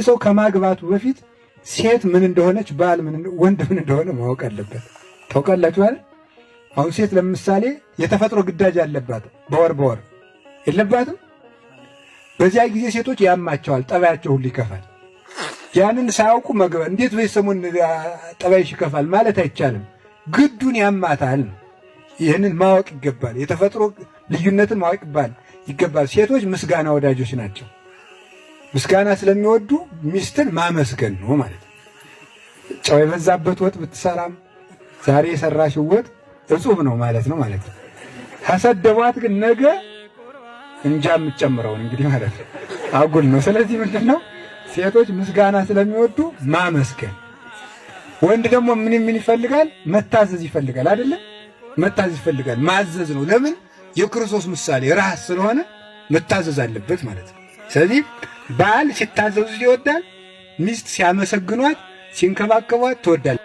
አንድ ሰው ከማግባቱ በፊት ሴት ምን እንደሆነች ባል ወንድ ምን እንደሆነ ማወቅ አለበት። ታውቃላችሁ አይደል? አሁን ሴት ለምሳሌ የተፈጥሮ ግዳጅ አለባት፣ በወር በወር የለባትም። በዚያ ጊዜ ሴቶች ያማቸዋል፣ ጠባያቸው ሁሉ ይከፋል። ያንን ሳያውቁ መግባት እንዴት በዚህ ሰሞን ጠባይሽ ይከፋል ማለት አይቻልም። ግዱን ያማታል። ይህንን ማወቅ ይገባል። የተፈጥሮ ልዩነትን ማወቅ ይባል ይገባል። ሴቶች ምስጋና ወዳጆች ናቸው። ምስጋና ስለሚወዱ ሚስትን ማመስገን ነው ማለት ነው። ጨው የበዛበት ወጥ ብትሰራም ዛሬ የሰራሽው ወጥ እጹብ ነው ማለት ነው ማለት ነው። ከሰደቧት ግን ነገ እንጃ የምትጨምረውን እንግዲህ ማለት ነው አጉል ነው። ስለዚህ ምንድን ነው ሴቶች ምስጋና ስለሚወዱ ማመስገን፣ ወንድ ደግሞ ምን ምን ይፈልጋል? መታዘዝ ይፈልጋል። አይደለም መታዘዝ ይፈልጋል። ማዘዝ ነው። ለምን የክርስቶስ ምሳሌ ራስ ስለሆነ መታዘዝ አለበት ማለት ነው። ስለዚህ ባል ሲታዘዙ ይወዳል። ሚስት ሲያመሰግኗት ሲንከባከቧት ትወዳል።